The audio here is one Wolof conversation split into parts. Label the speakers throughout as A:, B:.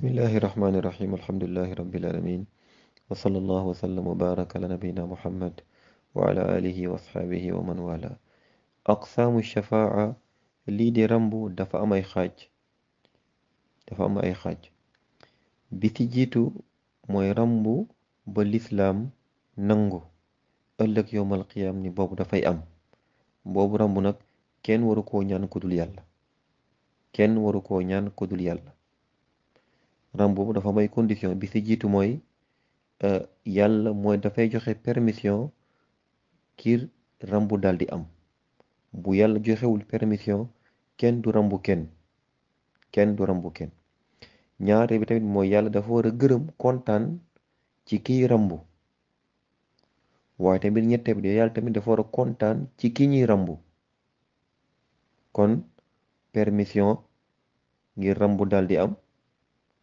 A: bismillahi rahmani rahim alhamdulillahi rabbil alamin wa sallallahu wa sallam wa baraka ala nabiyina muhammad wa ala alihi wa ashabihi wa man wala aqsaamu shafaa lii di rambu dafa am ay xaaj dafa am ay xaaj bi ci jiitu mooy rambu ba lislaam nangu ëllëg yowmal qiyaam ni boobu dafay am boobu rambu nag kenn waru koo ñaan ku dul yàlla kenn waru koo ñaan ku dul yàlla ram boobu dafa may condition bi si jiitu mooy euh, yàlla mooy dafay joxe permission kiir rambu daal di am bu yàlla joxewul permission kenn du rambu kenn kenn du rambu kenn ñaare bi tamit mooy yàlla dafa war a gërëm kontaan ci kiy rambu waaye tamit ñette bi yàlla tamit dafa war a kontaan ci ki ñuy rambu kon permission ngir rambu daal di am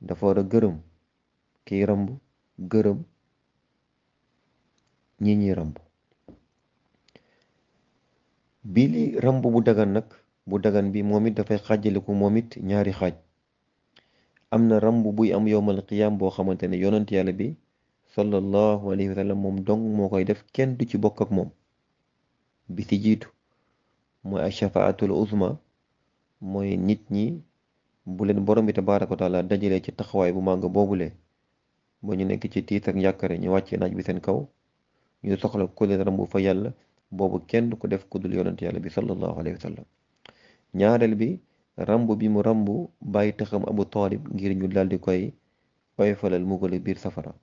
A: dafa war gërëm kii rëmb gërëm ñi ñi rëmb bii rëmb bu dagan nag bu dagan bi moom it dafay xaajaliku moom it ñaari xaaj am na rëmb buy am yowmal qiyaam boo xamante ne yonent yàlla bi sallallahu alayhi wa moom dong moo koy def kenn du ci bokk ak moom bi ci jiitu mooy ashafaatul uzma mooy nit ñi bu leen borom bi tabaaraka wa taala dajalee ci taxawaay bu màgg boobule ba ñu nekk ci tiis ak njàkkare ñu wàccee naaj bi seen kaw ñu soxla ku leen rambu fa yàlla boobu kenn ko def ko dul yonent yàlla bi sallallahu alayhi wa bi rambu bi mu rambu bàyyi taxam abu taalib ngir ñu daal di koy oyofalal mugale biir safara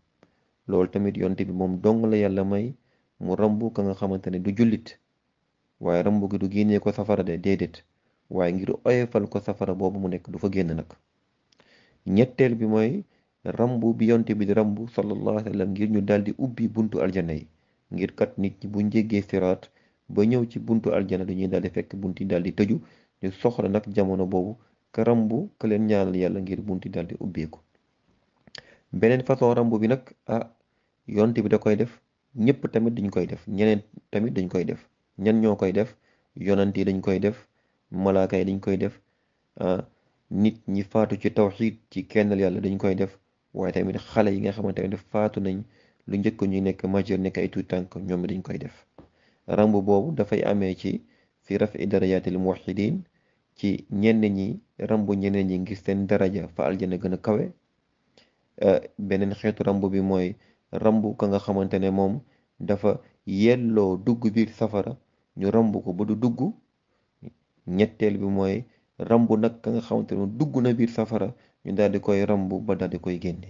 A: loolu tamit yonent bi moom dong la yàlla may mu rambu ka nga xamante ne du jullit waaye rambu du génnee ko safara de déedéet waaye ngir oyofal ko safara boobu mu nekk du fa génn nag ñetteel bi mooy rambu bi yonte bi di rambu sallallahu alayhi ngir ñu daldi ubbi buntu aljana yi ngir kat nit ñi bu njéggee siraat ba ñëw ci buntu aljana dañuy daldi fekk buntu yi daldi tëju ñu soxla nag jamono boobu ka rambu ka ñaanal yàlla ngir buntu yi daldi ubbeeku beneen façon rambu bi nag ah yonte bi da koy def ñëpp tamit dañ koy def ñeneen tamit dañ koy def ñan ñoo koy def yonante yi dañ koy def malaaka yi dañ koy def ah, nit ñi faatu ci tawxiid ci kenn yàlla dañ koy def waaye tamit xale yi nga xamante ne faatu nañ lu njëkk ñu nekk majeur nekk ay tuut tànk ñoom dañ koy def ramb boobu dafay amee ci fi rafi darajaatil muwahhidin ci ñenn ñi ramb ñeneen ñi ngir seen daraja fa aljana gën a kawe ah, beneen xeetu ramb bi mooy rambu ka nga xamante ne moom dafa yelloo dugg biir safara ñu ramb ko ba du dugg ñetteel bi mooy rambu nag ka nga xamante ne dugg na biir safara ñu daal di koy rambu ba daal di koy génne